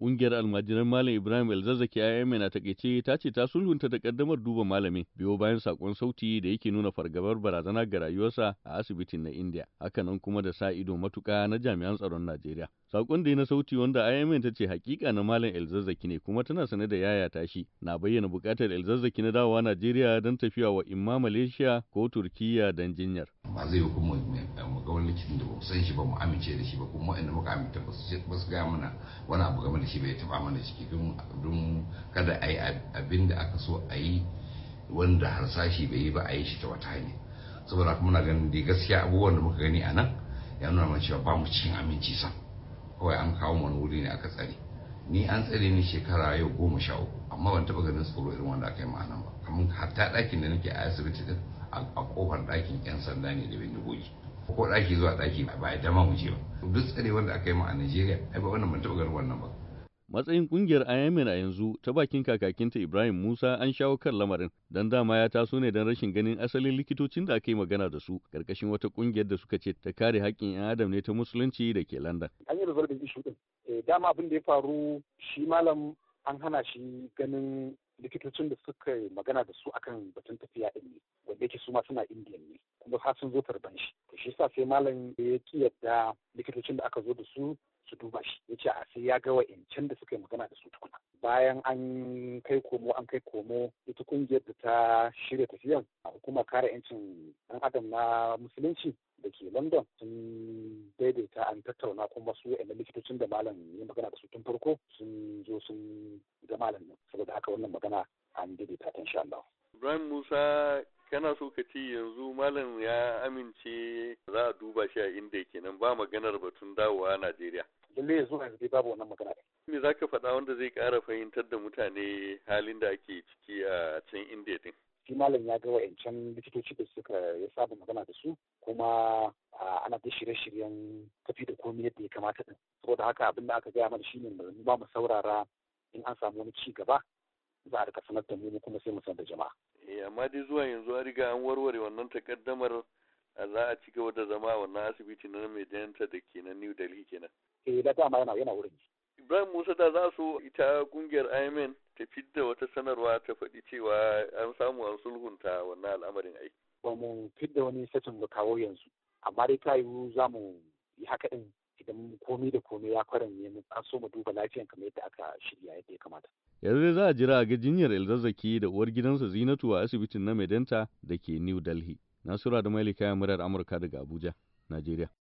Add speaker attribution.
Speaker 1: Ƙungiyar almajiran Malam Ibrahim Elzazzaki IMN na takaice ta ce ta sulhunta takaddamar duba malamin biyo bayan sakon sauti da yake nuna fargabar barazana ga rayuwarsa a asibitin na India. Hakanan kuma da sa ido matuka na jami'an tsaron Najeriya. Sakon da na sauti wanda IMN ta ce hakika na Malam Elzazzaki ne kuma tana sane da yaya shi, na bayyana buƙatar Elzazzaki na dawowa Najeriya don tafiya wa imma Malaysia ko Turkiya don jinyar. Ba zai
Speaker 2: hukumar mulkin da ba san shi ba mu amince da shi ba kuma waɗanda muka amince ba su gaya mana wani abu game da shi bai taba mana ciki don kada a yi abin da aka so a yi wanda harsashi bai yi ba a yi shi ta wata hanya saboda kuma muna ganin dai gaskiya abubuwan da muka gani a nan ya nuna mana cewa ba mu cikin aminci sam kawai an kawo mana wuri ne aka tsare ni an tsare ni shekara yau goma sha uku amma ban taɓa ganin tsoro irin wanda aka yi ma'ana ba kamar hatta ɗakin da nake a asibiti din a kofar ɗakin 'yan sanda ne da bindigogi ko ɗaki zuwa ɗaki ba ya dama mu je ba duk tsare wanda aka yi mu a Najeriya ai ba wannan mun taɓa garin wannan ba
Speaker 1: matsayin kungiyar IMN a yanzu ta bakin kakakinta Ibrahim Musa an shawo kan lamarin dan dama ya taso ne dan rashin ganin asalin likitocin da aka yi magana da su karkashin wata kungiyar da suka ce ta kare haƙƙin 'yan adam ne ta musulunci da ke London.
Speaker 3: An yi resolve shi din. Eh, dama abin da ya faru shi malam an hana shi ganin likitocin da suka magana da su akan batun tafiya din ne wanda yake su ma suna Indiya ne kuma har sun zo tarban shi. shi sa sai malam ya ki yadda likitocin da aka zo da su su duba shi ya ce a sai ya ga wa'incan da suka yi magana da su tukuna bayan an kai komo an kai komo ita kungiyar da ta shirya tafiyan a hukumar kare 'yancin ɗan adam na musulunci da ke london sun daidaita an tattauna kuma su yana likitocin da malam ya magana da su tun farko sun zo sun ga malam saboda haka wannan magana an daidaita ta insha Allah.
Speaker 4: Ibrahim Musa kana so ka ce yanzu malam ya amince za a duba shi a inda yake nan ba maganar batun dawowa Najeriya.
Speaker 3: Lalle yanzu yanzu babu wannan magana.
Speaker 4: Me za ka faɗa wanda zai ƙara fahimtar da mutane halin da ake ciki a can inda din?
Speaker 3: Shi malam ya ga wa'ancan likitoci da suka ya saba magana da su kuma ana da shirye-shiryen tafi da komai yadda ya kamata din. Saboda haka abin da aka gaya mana shi ne ba mu saurara in an samu wani ci gaba za a rika sanar da mu kuma sai mu sanar da jama'a.
Speaker 4: eh amma dai zuwa yanzu an riga an warware wannan takaddamar a za a ci gaba da zama wannan asibiti na mai danta da ke na New Delhi kenan
Speaker 3: eh da dama yana yana wurin
Speaker 4: Ibrahim Musa da za su ita kungiyar IMN ta fidda wata sanarwa ta faɗi cewa an samu an sulhunta wannan al'amarin ai
Speaker 3: ba mu fidda wani satin ba kawo yanzu amma dai ta yiwu za mu yi haka din idan komai da komai ya kwaranye mu an so mu duba lafiyan kamar yadda aka shirya yadda ya kamata
Speaker 1: yanzu za a jira ga jinyar elzazzaki da uwar gidansa zinatu a asibitin na Medenta da ke new delhi nasura da mailika murar amurka daga abuja najeriya